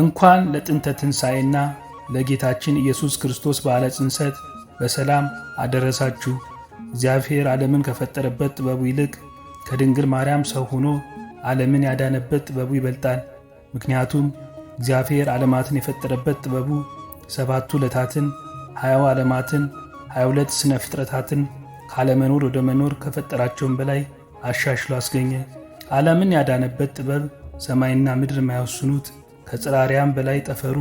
እንኳን ለጥንተ ትንሣኤና ለጌታችን ኢየሱስ ክርስቶስ በዓለ ጽንሰት በሰላም አደረሳችሁ። እግዚአብሔር ዓለምን ከፈጠረበት ጥበቡ ይልቅ ከድንግል ማርያም ሰው ሆኖ ዓለምን ያዳነበት ጥበቡ ይበልጣል። ምክንያቱም እግዚአብሔር ዓለማትን የፈጠረበት ጥበቡ ሰባቱ ዕለታትን፣ ሀያው ዓለማትን፣ ሀያ ሁለት ሥነ ፍጥረታትን ካለመኖር ወደ መኖር ከፈጠራቸውም በላይ አሻሽሎ አስገኘ። ዓለምን ያዳነበት ጥበብ ሰማይና ምድር የማይወስኑት ከጽራሪያም በላይ ጠፈሩ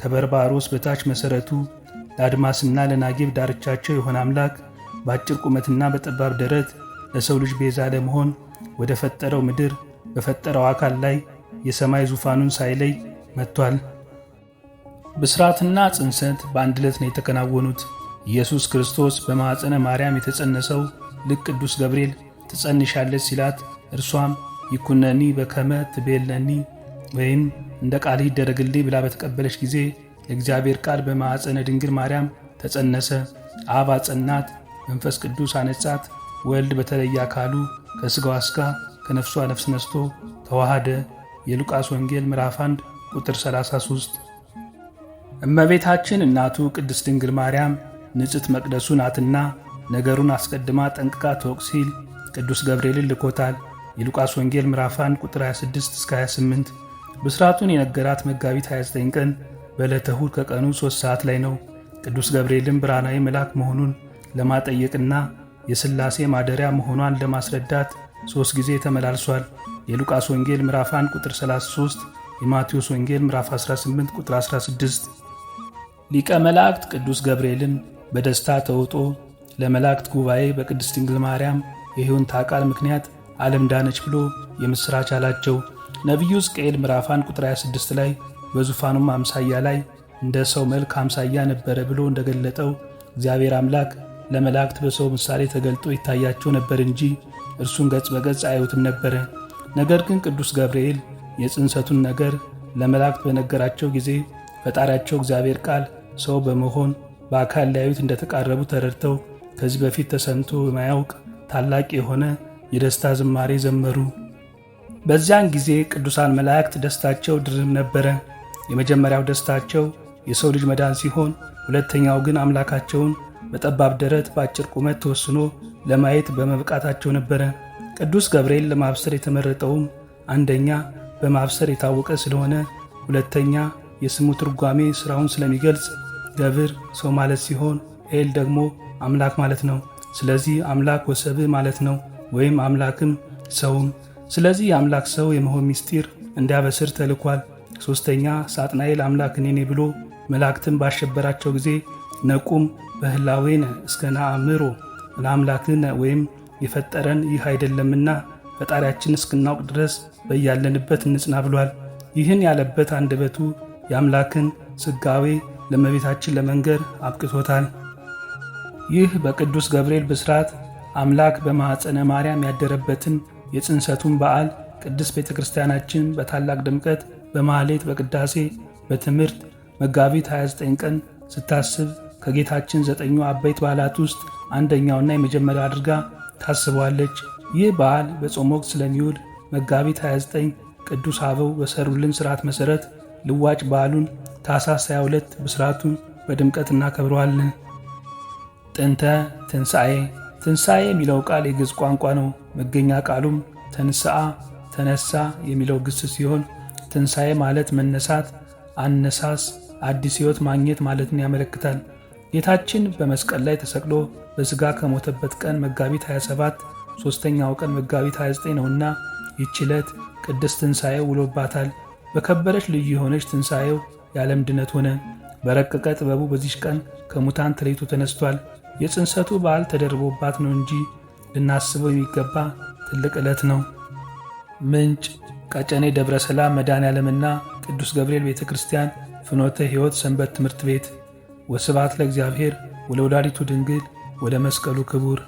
ከበርባሮስ በታች መሠረቱ ለአድማስና ለናጌብ ዳርቻቸው የሆነ አምላክ በአጭር ቁመትና በጠባብ ደረት ለሰው ልጅ ቤዛ ለመሆን ወደ ፈጠረው ምድር በፈጠረው አካል ላይ የሰማይ ዙፋኑን ሳይለይ መጥቷል። ብስራትና ጽንሰት በአንድ ዕለት ነው የተከናወኑት። ኢየሱስ ክርስቶስ በማዕፀነ ማርያም የተጸነሰው ልቅ ቅዱስ ገብርኤል ትጸንሻለች ሲላት እርሷም ይኩነኒ በከመ ትቤለኒ ወይም እንደ ቃል ይደረግልኝ ብላ በተቀበለች ጊዜ የእግዚአብሔር ቃል በማዕፀነ ድንግል ማርያም ተጸነሰ። አብ አጸናት፣ መንፈስ ቅዱስ አነጻት። ወልድ በተለየ አካሉ ከሥጋዋ ሥጋ ከነፍሷ ነፍስ ነስቶ ተዋሃደ። የሉቃስ ወንጌል ምዕራፍ 1 ቁጥር 33። እመቤታችን እናቱ ቅድስት ድንግል ማርያም ንጽሕት መቅደሱ ናትና ነገሩን አስቀድማ ጠንቅቃ ትወቅ ሲል ቅዱስ ገብርኤልን ልኮታል። የሉቃስ ወንጌል ምዕራፍ 1 ቁጥር 26 እስከ 28 ብስራቱን የነገራት መጋቢት 29 ቀን በዕለተ ከቀኑ ሦስት ሰዓት ላይ ነው። ቅዱስ ገብርኤልም ብርሃናዊ መልአክ መሆኑን ለማጠየቅና የሥላሴ ማደሪያ መሆኗን ለማስረዳት ሦስት ጊዜ ተመላልሷል። የሉቃስ ወንጌል ምዕራፍ 1 ቁጥር 33፣ የማቴዎስ ወንጌል ምዕራፍ 18 ቁጥር 16። ሊቀ መላእክት ቅዱስ ገብርኤልም በደስታ ተውጦ ለመላእክት ጉባኤ በቅድስት ድንግል ማርያም የሕይወንታ ቃል ምክንያት ዓለም ዳነች ብሎ የምሥራች አላቸው። ነቢዩ ሕዝቅኤል ምዕራፍ 1 ቁጥር 26 ላይ በዙፋኑም አምሳያ ላይ እንደ ሰው መልክ አምሳያ ነበረ ብሎ እንደገለጠው እግዚአብሔር አምላክ ለመላእክት በሰው ምሳሌ ተገልጦ ይታያቸው ነበር እንጂ እርሱን ገጽ በገጽ አያዩትም ነበረ። ነገር ግን ቅዱስ ገብርኤል የጽንሰቱን ነገር ለመላእክት በነገራቸው ጊዜ ፈጣሪያቸው እግዚአብሔር ቃል ሰው በመሆን በአካል ሊያዩት እንደተቃረቡ ተረድተው ከዚህ በፊት ተሰምቶ የማያውቅ ታላቅ የሆነ የደስታ ዝማሬ ዘመሩ። በዚያን ጊዜ ቅዱሳን መላእክት ደስታቸው ድርም ነበረ። የመጀመሪያው ደስታቸው የሰው ልጅ መዳን ሲሆን፣ ሁለተኛው ግን አምላካቸውን በጠባብ ደረት በአጭር ቁመት ተወስኖ ለማየት በመብቃታቸው ነበረ። ቅዱስ ገብርኤል ለማብሰር የተመረጠውም አንደኛ በማብሰር የታወቀ ስለሆነ፣ ሁለተኛ የስሙ ትርጓሜ ሥራውን ስለሚገልጽ ገብር ሰው ማለት ሲሆን ኤል ደግሞ አምላክ ማለት ነው። ስለዚህ አምላክ ወሰብህ ማለት ነው፣ ወይም አምላክም ሰውም ስለዚህ የአምላክ ሰው የመሆን ምስጢር እንዲያበስር ተልኳል። ሦስተኛ ሳጥናኤል አምላክ እኔ ነኝ ብሎ መላእክትን ባሸበራቸው ጊዜ ነቁም በህላዌነ እስከ ናአምሮ ለአምላክነ ወይም የፈጠረን ይህ አይደለምና ፈጣሪያችን እስክናውቅ ድረስ በያለንበት እንጽና ብሏል። ይህን ያለበት አንደበቱ የአምላክን ስጋዌ ለመቤታችን ለመንገር አብቅቶታል። ይህ በቅዱስ ገብርኤል ብስራት አምላክ በማኅፀነ ማርያም ያደረበትን የጽንሰቱን በዓል ቅድስት ቤተ ክርስቲያናችን በታላቅ ድምቀት በማኅሌት፣ በቅዳሴ፣ በትምህርት መጋቢት 29 ቀን ስታስብ ከጌታችን ዘጠኙ አበይት በዓላት ውስጥ አንደኛውና የመጀመሪያው አድርጋ ታስበዋለች። ይህ በዓል በጾም ወቅት ስለሚውል መጋቢት 29 ቅዱስ አበው በሰሩልን ሥርዓት መሠረት ልዋጭ በዓሉን ታኅሳስ 22 ብሥራቱን በድምቀት እናከብረዋለን። ጥንተ ትንሣኤ ትንሣኤ የሚለው ቃል የግዕዝ ቋንቋ ነው። መገኛ ቃሉም ተንሳ ተነሳ የሚለው ግስ ሲሆን ትንሣኤ ማለት መነሳት፣ አነሳስ፣ አዲስ ሕይወት ማግኘት ማለትን ያመለክታል። ጌታችን በመስቀል ላይ ተሰቅሎ በሥጋ ከሞተበት ቀን መጋቢት 27 ሦስተኛው ቀን መጋቢት 29 ነውና ይህች ዕለት ቅድስት ትንሣኤው ውሎባታል። በከበረች ልዩ የሆነች ትንሣኤው የዓለም ድነት ሆነ። በረቀቀ ጥበቡ በዚች ቀን ከሙታን ተለይቶ ተነስቷል። የጽንሰቱ በዓል ተደርቦባት ነው እንጂ ልናስበው የሚገባ ትልቅ ዕለት ነው። ምንጭ ቀጨኔ ደብረ ሰላም መድኃኔዓለምና ቅዱስ ገብርኤል ቤተ ክርስቲያን ፍኖተ ሕይወት ሰንበት ትምህርት ቤት። ወስብሐት ለእግዚአብሔር ወለወላዲቱ ድንግል ወለመስቀሉ ክቡር